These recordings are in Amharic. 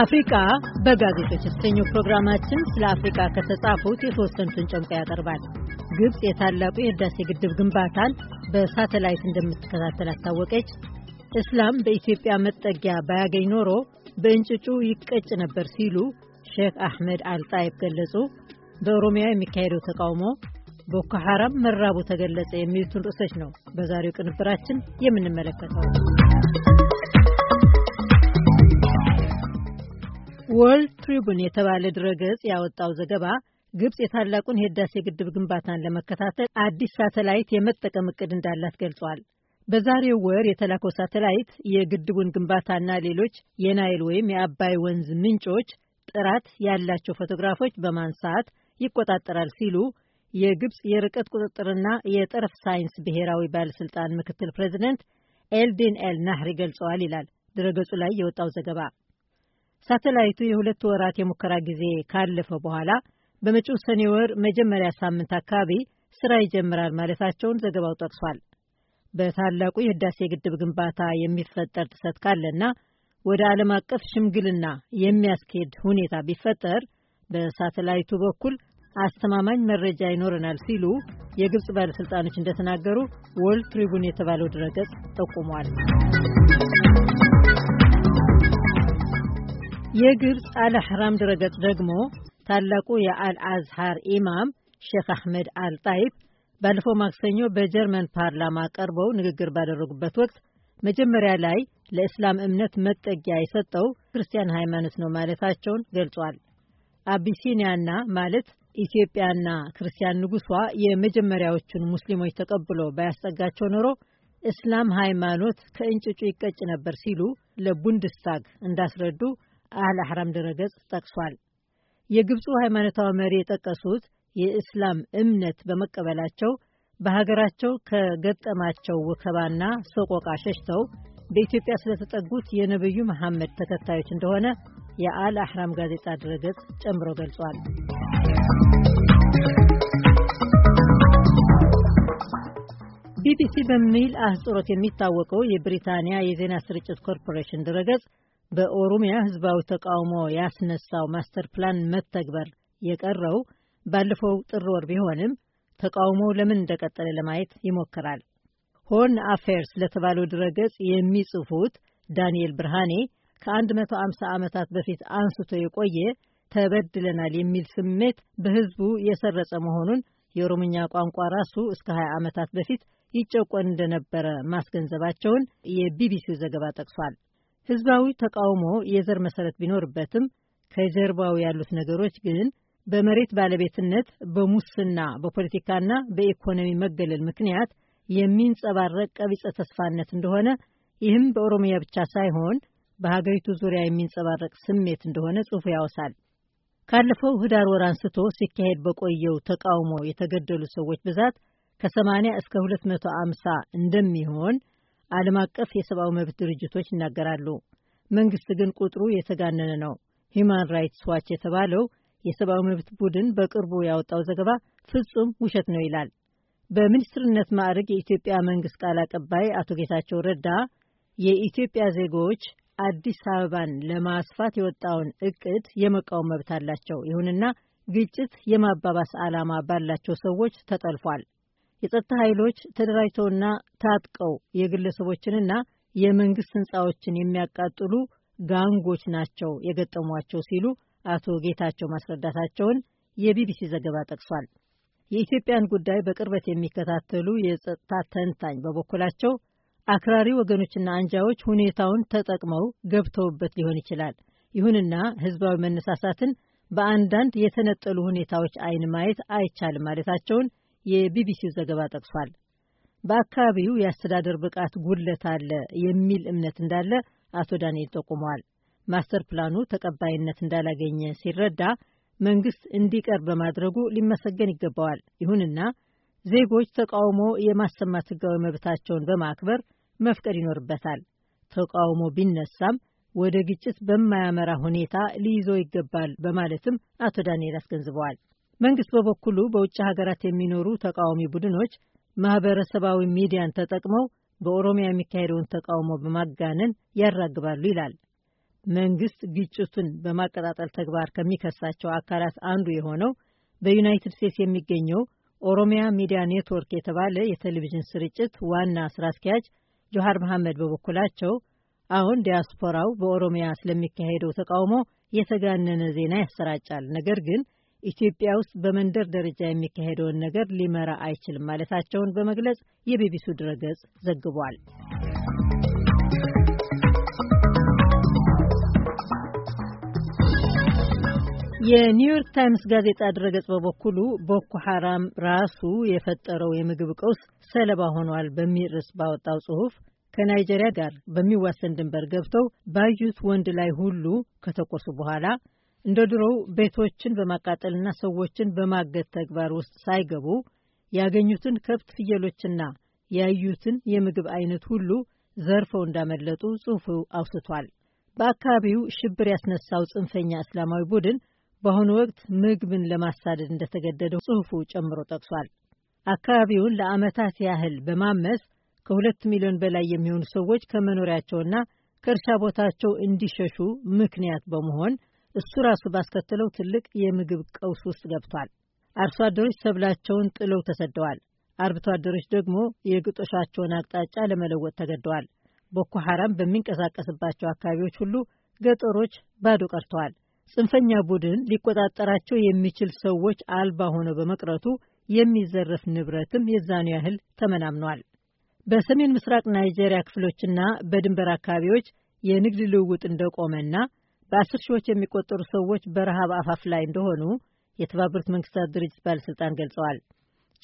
አፍሪካ በጋዜጦች የተሰኘው ፕሮግራማችን ስለ አፍሪካ ከተጻፉት የተወሰኑትን ጨምቆ ያቀርባል። ግብፅ የታላቁ የህዳሴ ግድብ ግንባታን በሳተላይት እንደምትከታተል አስታወቀች። እስላም በኢትዮጵያ መጠጊያ ባያገኝ ኖሮ በእንጭጩ ይቀጭ ነበር ሲሉ ሼክ አህመድ አልጣይብ ገለጹ። በኦሮሚያ የሚካሄደው ተቃውሞ ቦኮ ሐራም መራቡ ተገለጸ የሚሉትን ርዕሶች ነው በዛሬው ቅንብራችን የምንመለከተው። ወርልድ ትሪቡን የተባለ ድረገጽ ያወጣው ዘገባ ግብፅ የታላቁን የህዳሴ ግድብ ግንባታን ለመከታተል አዲስ ሳተላይት የመጠቀም እቅድ እንዳላት ገልጿል። በዛሬው ወር የተላከው ሳተላይት የግድቡን ግንባታና ሌሎች የናይል ወይም የአባይ ወንዝ ምንጮች ጥራት ያላቸው ፎቶግራፎች በማንሳት ይቆጣጠራል ሲሉ የግብፅ የርቀት ቁጥጥርና የጠረፍ ሳይንስ ብሔራዊ ባለሥልጣን ምክትል ፕሬዚደንት ኤልዲን ኤል ናህሪ ገልጸዋል ይላል ድረገጹ ላይ የወጣው ዘገባ። ሳተላይቱ የሁለት ወራት የሙከራ ጊዜ ካለፈ በኋላ በመጪው ሰኔ ወር መጀመሪያ ሳምንት አካባቢ ስራ ይጀምራል ማለታቸውን ዘገባው ጠቅሷል። በታላቁ የህዳሴ ግድብ ግንባታ የሚፈጠር ጥሰት ካለና ወደ ዓለም አቀፍ ሽምግልና የሚያስኬድ ሁኔታ ቢፈጠር በሳተላይቱ በኩል አስተማማኝ መረጃ ይኖረናል ሲሉ የግብፅ ባለሥልጣኖች እንደተናገሩ ወልድ ትሪቡን የተባለው ድረገጽ ጠቁሟል። የግብፅ አልሕራም ድረገጽ ደግሞ ታላቁ የአልአዝሃር ኢማም ሼክ አሕመድ አልጣይፍ ባለፈው ማክሰኞ በጀርመን ፓርላማ ቀርበው ንግግር ባደረጉበት ወቅት መጀመሪያ ላይ ለእስላም እምነት መጠጊያ የሰጠው ክርስቲያን ሃይማኖት ነው ማለታቸውን ገልጿል። አቢሲኒያና ማለት ኢትዮጵያና ክርስቲያን ንጉሷ የመጀመሪያዎቹን ሙስሊሞች ተቀብሎ ባያስጠጋቸው ኖሮ እስላም ሃይማኖት ከእንጭጩ ይቀጭ ነበር ሲሉ ለቡንድስታግ እንዳስረዱ አልአሕራም ድረገጽ ጠቅሷል። የግብፁ ሃይማኖታዊ መሪ የጠቀሱት የእስላም እምነት በመቀበላቸው በሀገራቸው ከገጠማቸው ወከባና ሰቆቃ ሸሽተው በኢትዮጵያ ስለተጠጉት የነቢዩ መሐመድ ተከታዮች እንደሆነ የአል አሕራም ጋዜጣ ድረገጽ ጨምሮ ገልጿል። ቢቢሲ በሚል አህጽሮት የሚታወቀው የብሪታንያ የዜና ስርጭት ኮርፖሬሽን ድረገጽ በኦሮሚያ ህዝባዊ ተቃውሞ ያስነሳው ማስተር ፕላን መተግበር የቀረው ባለፈው ጥር ወር ቢሆንም ተቃውሞው ለምን እንደቀጠለ ለማየት ይሞክራል። ሆን አፌርስ ለተባለው ድረገጽ የሚጽፉት ዳንኤል ብርሃኔ ከ150 ዓመታት በፊት አንስቶ የቆየ ተበድለናል የሚል ስሜት በህዝቡ የሰረጸ መሆኑን የኦሮምኛ ቋንቋ ራሱ እስከ 20 ዓመታት በፊት ይጨቆን እንደነበረ ማስገንዘባቸውን የቢቢሲው ዘገባ ጠቅሷል። ህዝባዊ ተቃውሞ የዘር መሰረት ቢኖርበትም ከጀርባው ያሉት ነገሮች ግን በመሬት ባለቤትነት፣ በሙስና፣ በፖለቲካና በኢኮኖሚ መገለል ምክንያት የሚንጸባረቅ ቀቢጸ ተስፋነት እንደሆነ ይህም በኦሮሚያ ብቻ ሳይሆን በሀገሪቱ ዙሪያ የሚንጸባረቅ ስሜት እንደሆነ ጽሑፉ ያወሳል። ካለፈው ህዳር ወር አንስቶ ሲካሄድ በቆየው ተቃውሞ የተገደሉ ሰዎች ብዛት ከ80 እስከ 250 እንደሚሆን ዓለም አቀፍ የሰብአዊ መብት ድርጅቶች ይናገራሉ። መንግስት ግን ቁጥሩ የተጋነነ ነው። ሂማን ራይትስ ዋች የተባለው የሰብአዊ መብት ቡድን በቅርቡ ያወጣው ዘገባ ፍጹም ውሸት ነው ይላል። በሚኒስትርነት ማዕረግ የኢትዮጵያ መንግስት ቃል አቀባይ አቶ ጌታቸው ረዳ የኢትዮጵያ ዜጎች አዲስ አበባን ለማስፋት የወጣውን እቅድ የመቃወም መብት አላቸው። ይሁንና ግጭት የማባባስ ዓላማ ባላቸው ሰዎች ተጠልፏል። የጸጥታ ኃይሎች ተደራጅተውና ታጥቀው የግለሰቦችንና የመንግስት ህንፃዎችን የሚያቃጥሉ ጋንጎች ናቸው የገጠሟቸው ሲሉ አቶ ጌታቸው ማስረዳታቸውን የቢቢሲ ዘገባ ጠቅሷል። የኢትዮጵያን ጉዳይ በቅርበት የሚከታተሉ የጸጥታ ተንታኝ በበኩላቸው አክራሪ ወገኖችና አንጃዎች ሁኔታውን ተጠቅመው ገብተውበት ሊሆን ይችላል። ይሁንና ህዝባዊ መነሳሳትን በአንዳንድ የተነጠሉ ሁኔታዎች አይን ማየት አይቻልም ማለታቸውን የቢቢሲው ዘገባ ጠቅሷል። በአካባቢው የአስተዳደር ብቃት ጉድለት አለ የሚል እምነት እንዳለ አቶ ዳንኤል ጠቁመዋል። ማስተር ፕላኑ ተቀባይነት እንዳላገኘ ሲረዳ መንግስት እንዲቀርብ በማድረጉ ሊመሰገን ይገባዋል። ይሁንና ዜጎች ተቃውሞ የማሰማት ህጋዊ መብታቸውን በማክበር መፍቀድ ይኖርበታል። ተቃውሞ ቢነሳም ወደ ግጭት በማያመራ ሁኔታ ሊይዘው ይገባል በማለትም አቶ ዳንኤል አስገንዝበዋል። መንግስት በበኩሉ በውጭ ሀገራት የሚኖሩ ተቃዋሚ ቡድኖች ማህበረሰባዊ ሚዲያን ተጠቅመው በኦሮሚያ የሚካሄደውን ተቃውሞ በማጋነን ያራግባሉ ይላል። መንግስት ግጭቱን በማቀጣጠል ተግባር ከሚከሳቸው አካላት አንዱ የሆነው በዩናይትድ ስቴትስ የሚገኘው ኦሮሚያ ሚዲያ ኔትወርክ የተባለ የቴሌቪዥን ስርጭት ዋና ስራ አስኪያጅ ጆሃር መሐመድ በበኩላቸው አሁን ዲያስፖራው በኦሮሚያ ስለሚካሄደው ተቃውሞ የተጋነነ ዜና ያሰራጫል፣ ነገር ግን ኢትዮጵያ ውስጥ በመንደር ደረጃ የሚካሄደውን ነገር ሊመራ አይችልም ማለታቸውን በመግለጽ የቢቢሲው ድረገጽ ዘግቧል። የኒውዮርክ ታይምስ ጋዜጣ ድረገጽ በበኩሉ ቦኮ ሐራም ራሱ የፈጠረው የምግብ ቀውስ ሰለባ ሆኗል በሚል ርዕስ ባወጣው ጽሑፍ ከናይጄሪያ ጋር በሚዋሰን ድንበር ገብተው ባዩት ወንድ ላይ ሁሉ ከተኮሱ በኋላ እንደ ድሮው ቤቶችን በማቃጠልና ሰዎችን በማገት ተግባር ውስጥ ሳይገቡ ያገኙትን ከብት፣ ፍየሎችና ያዩትን የምግብ አይነት ሁሉ ዘርፈው እንዳመለጡ ጽሑፉ አውስቷል። በአካባቢው ሽብር ያስነሳው ጽንፈኛ እስላማዊ ቡድን በአሁኑ ወቅት ምግብን ለማሳደድ እንደተገደደ ጽሑፉ ጨምሮ ጠቅሷል። አካባቢውን ለዓመታት ያህል በማመስ ከሁለት ሚሊዮን በላይ የሚሆኑ ሰዎች ከመኖሪያቸውና ከእርሻ ቦታቸው እንዲሸሹ ምክንያት በመሆን እሱ ራሱ ባስከተለው ትልቅ የምግብ ቀውስ ውስጥ ገብቷል። አርሶ አደሮች ሰብላቸውን ጥለው ተሰደዋል። አርብቶ አደሮች ደግሞ የግጦሻቸውን አቅጣጫ ለመለወጥ ተገደዋል። ቦኮ ሐራም በሚንቀሳቀስባቸው አካባቢዎች ሁሉ ገጠሮች ባዶ ቀርተዋል። ጽንፈኛ ቡድን ሊቆጣጠራቸው የሚችል ሰዎች አልባ ሆነው በመቅረቱ የሚዘረፍ ንብረትም የዛኑ ያህል ተመናምኗል። በሰሜን ምስራቅ ናይጄሪያ ክፍሎችና በድንበር አካባቢዎች የንግድ ልውውጥ እንደቆመና በአስር ሺዎች የሚቆጠሩ ሰዎች በረሃብ አፋፍ ላይ እንደሆኑ የተባበሩት መንግስታት ድርጅት ባለሥልጣን ገልጸዋል።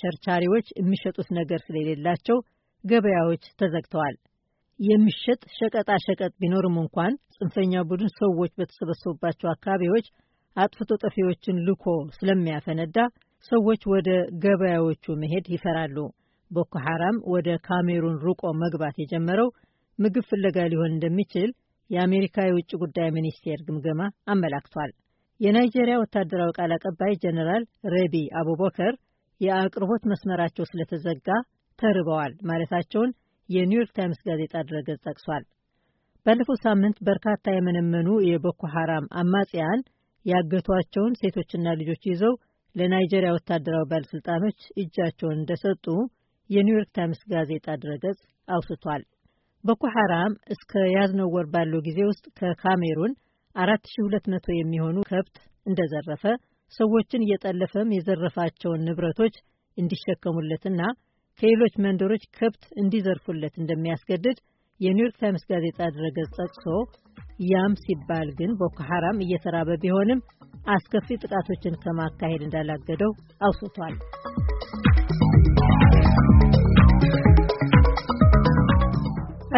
ቸርቻሪዎች የሚሸጡት ነገር ስለሌላቸው ገበያዎች ተዘግተዋል። የሚሸጥ ሸቀጣ ሸቀጥ ቢኖርም እንኳን ጽንፈኛ ቡድን ሰዎች በተሰበሰቡባቸው አካባቢዎች አጥፍቶ ጠፊዎችን ልኮ ስለሚያፈነዳ ሰዎች ወደ ገበያዎቹ መሄድ ይፈራሉ። ቦኮ ሐራም ወደ ካሜሩን ሩቆ መግባት የጀመረው ምግብ ፍለጋ ሊሆን እንደሚችል የአሜሪካ የውጭ ጉዳይ ሚኒስቴር ግምገማ አመላክቷል። የናይጄሪያ ወታደራዊ ቃል አቀባይ ጀነራል ረቢ አቡበከር የአቅርቦት መስመራቸው ስለተዘጋ ተርበዋል ማለታቸውን የኒውዮርክ ታይምስ ጋዜጣ ድረገጽ ጠቅሷል። ባለፈው ሳምንት በርካታ የመነመኑ የቦኮ ሐራም አማጽያን ያገቷቸውን ሴቶችና ልጆች ይዘው ለናይጄሪያ ወታደራዊ ባለሥልጣኖች እጃቸውን እንደሰጡ የኒውዮርክ ታይምስ ጋዜጣ ድረገጽ አውስቷል። ቦኮ ሐራም እስከ ያዝነው ወር ባለው ጊዜ ውስጥ ከካሜሩን 4200 የሚሆኑ ከብት እንደዘረፈ ሰዎችን እየጠለፈም የዘረፋቸውን ንብረቶች እንዲሸከሙለትና ከሌሎች መንደሮች ከብት እንዲዘርፉለት እንደሚያስገድድ የኒውዮርክ ታይምስ ጋዜጣ ድረገጽ ጠቅሶ ያም ሲባል ግን ቦኮ ሐራም እየተራበ ቢሆንም አስከፊ ጥቃቶችን ከማካሄድ እንዳላገደው አውስቷል።